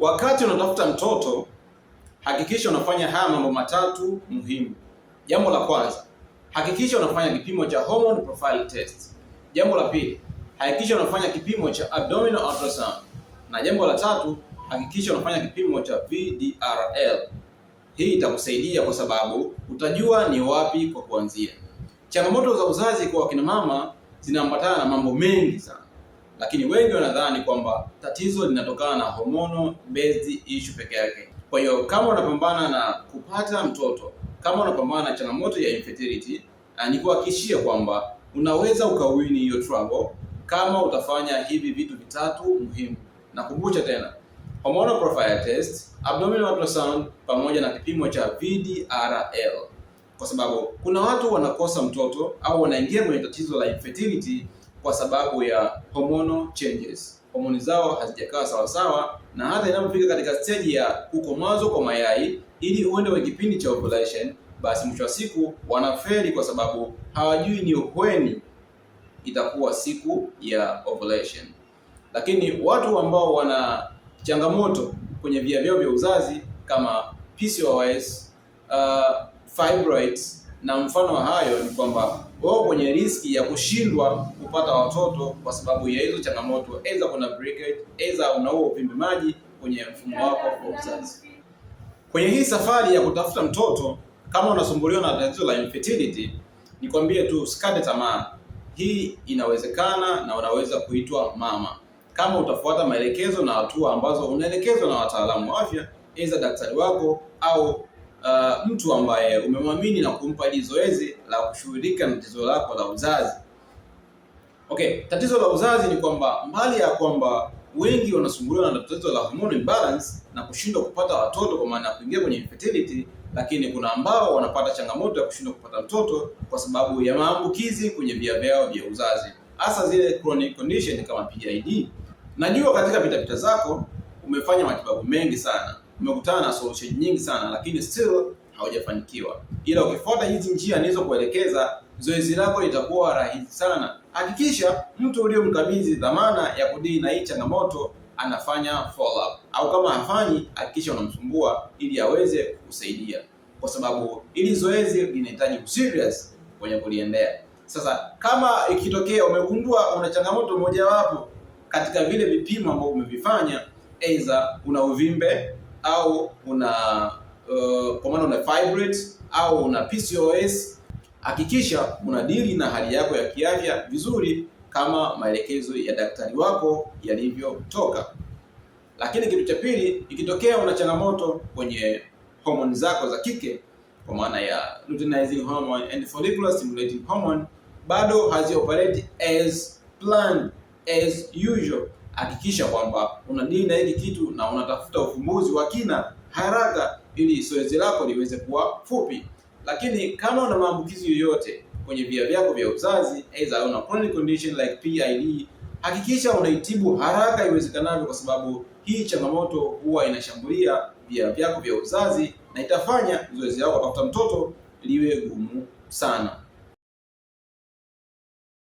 Wakati unatafuta mtoto, hakikisha unafanya haya mambo matatu muhimu. Jambo la kwanza, hakikisha unafanya kipimo cha hormone profile test. Jambo la pili, hakikisha unafanya kipimo cha abdominal ultrasound, na jambo la tatu, hakikisha unafanya kipimo cha VDRL. Hii itakusaidia kwa sababu utajua ni wapi kwa kuanzia. Changamoto za uzazi kwa wakina mama zinaambatana na mambo mengi sana lakini wengi wanadhani kwamba tatizo linatokana na hormonal based issue peke yake. Kwa hiyo kama unapambana na kupata mtoto, kama unapambana na changamoto ya infertility, ah, ni kuhakikishia kwamba unaweza ukawini hiyo trouble kama utafanya hivi vitu vitatu muhimu. Nakumbusha tena hormonal profile test, abdominal ultrasound pamoja na kipimo cha VDRL, kwa sababu kuna watu wanakosa mtoto au wanaingia kwenye tatizo la infertility kwa sababu ya hormonal changes, homoni zao hazijakaa sawasawa, na hata inapofika katika stage ya ukomazo kwa mayai ili uende kwenye kipindi cha ovulation, basi mwisho wa siku wanaferi kwa sababu hawajui ni kweni itakuwa siku ya ovulation. Lakini watu ambao wana changamoto kwenye via vyao vya uzazi kama PCOS, uh, fibroids na mfano wa hayo ni kwamba wao kwenye riski ya kushindwa kupata watoto kwa sababu ya hizo changamoto, aidha kuna breakage, aidha unauo uvimbe maji kwenye mfumo wako wa uzazi. Kwenye hii safari ya kutafuta mtoto, kama unasumbuliwa na tatizo la infertility, nikwambie tu usikate tamaa. Hii inawezekana na unaweza kuitwa mama kama utafuata maelekezo na hatua ambazo unaelekezwa na wataalamu wa afya, aidha daktari wako au uh, mtu ambaye umemwamini na kumpa hili zoezi la kushughulika na tatizo lako la uzazi. Okay, tatizo la uzazi ni kwamba mbali ya kwamba wengi wanasumbuliwa na tatizo la hormone imbalance na kushindwa kupata watoto kwa maana ya kuingia kwenye infertility, lakini kuna ambao wanapata changamoto ya kushindwa kupata mtoto kwa sababu ya maambukizi kwenye via vyao vya uzazi, hasa zile chronic condition kama PID. Najua katika pitapita zako umefanya matibabu mengi sana umekutana na solution nyingi sana, lakini still haujafanikiwa. Ila ukifuata hizi njia kuelekeza, zoezi lako litakuwa rahisi sana. Hakikisha mtu uliyomkabidhi dhamana ya kudili na hii changamoto anafanya follow up, au kama hafanyi, hakikisha unamsumbua ili aweze kusaidia kwa sababu ili zoezi linahitaji serious kwenye kuliendea. Sasa kama ikitokea umegundua una changamoto mojawapo katika vile vipimo ambavyo umevifanya, aidha una uvimbe au una uh, kwa maana una fibrate au una PCOS, hakikisha unadili na hali yako ya kiafya vizuri kama maelekezo ya daktari wako yalivyotoka. Lakini kitu cha pili, ikitokea una changamoto kwenye homoni zako za kike kwa maana ya luteinizing hormone and follicular stimulating hormone bado hazioperate as planned as usual. Hakikisha kwamba unadili na hili kitu na unatafuta ufumbuzi wa kina haraka ili zoezi lako liweze kuwa fupi. Lakini kama una maambukizi yoyote kwenye via vyako vya uzazi, aidha una chronic condition like PID, hakikisha unaitibu haraka iwezekanavyo, kwa sababu hii changamoto huwa inashambulia via vyako vya uzazi na itafanya zoezi lako kutafuta mtoto liwe gumu sana.